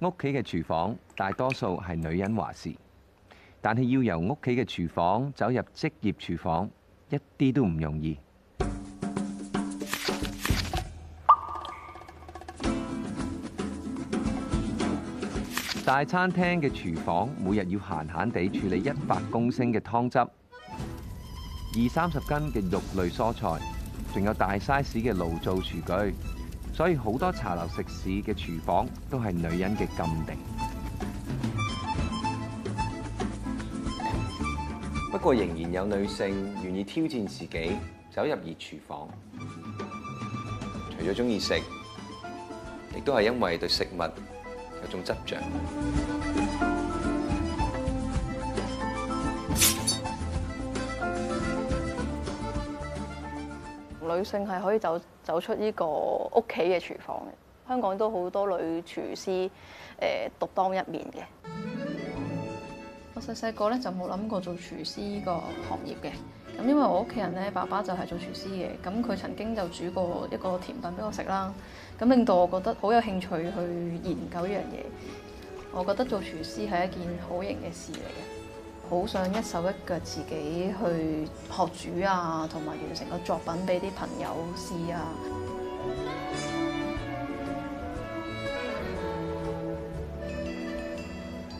屋企嘅廚房大多數係女人話事，但係要由屋企嘅廚房走入職業廚房，一啲都唔容易。大餐廳嘅廚房每日要閒閒地處理一百公升嘅湯汁，二三十斤嘅肉類蔬菜，仲有大 size 嘅爐灶廚具。所以好多茶樓食肆嘅廚房都係女人嘅禁地。不過仍然有女性願意挑戰自己，走入熱廚房，除了喜歡吃，除咗鍾意食，亦都係因為對食物有種執着。女性係可以走走出呢個屋企嘅廚房嘅，香港都好多女廚師誒、呃、獨當一面嘅。我細細個咧就冇諗過做廚師呢個行業嘅，咁因為我屋企人咧爸爸就係做廚師嘅，咁佢曾經就煮過一個甜品俾我食啦，咁令到我覺得好有興趣去研究呢樣嘢。我覺得做廚師係一件好型嘅事嚟嘅。好想一手一腳自己去學煮啊，同埋完成個作品俾啲朋友試啊！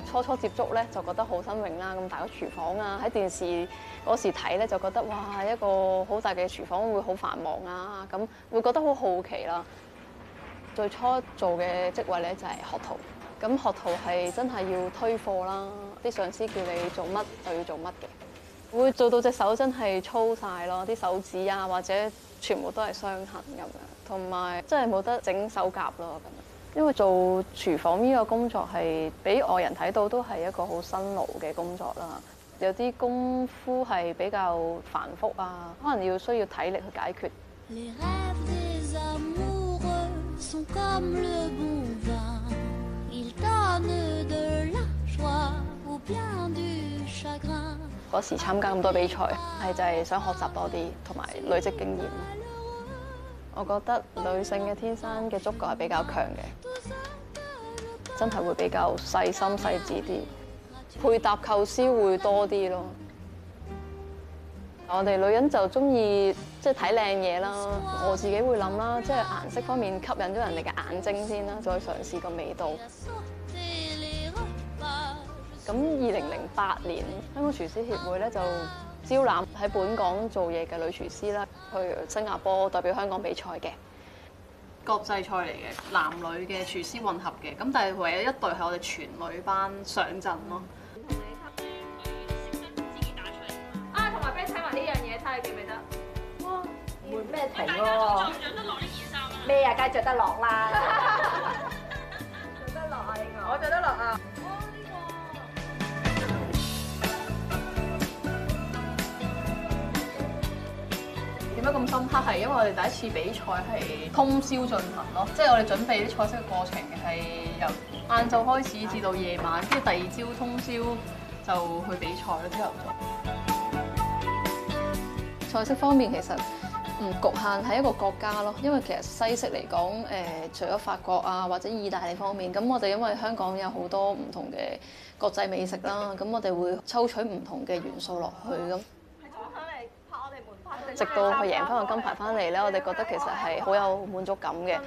初初接觸咧，就覺得好新穎啦。咁大個廚房啊，喺電視嗰時睇咧，就覺得哇，一個好大嘅廚房會好繁忙啊。咁會覺得好好奇啦。最初做嘅職位咧就係學徒，咁學徒係真係要推貨啦。啲上司叫你做乜就要做乜嘅，會做到隻手真係粗晒咯，啲手指啊或者全部都係傷痕咁樣，同埋真係冇得整手甲咯咁樣。因為做廚房呢個工作係俾外人睇到都係一個好辛勞嘅工作啦，有啲功夫係比較繁複啊，可能要需要體力去解決。 嗰時參加咁多比賽，係就係想學習多啲，同埋累積經驗。我覺得女性嘅天生嘅觸覺係比較強嘅，真係會比較細心細緻啲，配搭構思會多啲咯。我哋女人就中意即係睇靚嘢啦，我自己會諗啦，即係顏色方面吸引咗人哋嘅眼睛先啦，再嘗試個味道。咁二零零八年香港廚師協會咧就招攬喺本港做嘢嘅女廚師啦，去新加坡代表香港比賽嘅國際賽嚟嘅，男女嘅廚師混合嘅，咁但係唯一一隊係我哋全女班上陣咯、啊。啊，同埋俾你睇埋呢樣嘢，睇下記唔記得？哇！冇咩停喎。咩啊？梗係着得落啦、啊。 咁深刻係因為我哋第一次比賽，係通宵進行咯，即係我哋準備啲菜式嘅過程係由晏晝開始至到夜晚，即係第二朝通宵就去比賽咯。之後菜式方面其實唔局限喺一個國家咯，因為其實西式嚟講，誒、呃、除咗法國啊或者意大利方面，咁我哋因為香港有好多唔同嘅國際美食啦，咁我哋會抽取唔同嘅元素落去咁。直到佢贏翻個金牌翻嚟咧，我哋覺得其實係好有滿足感嘅，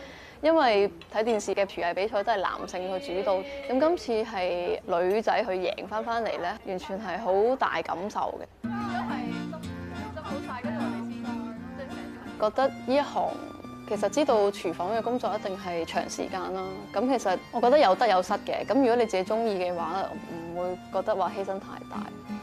因為睇電視嘅廚藝比賽都係男性去主導，咁今次係女仔去贏翻翻嚟咧，完全係好大感受嘅，就是。覺得呢一行其實知道廚房嘅工作一定係長時間啦，咁其實我覺得有得有失嘅，咁如果你自己中意嘅話，唔會覺得話犧牲太大。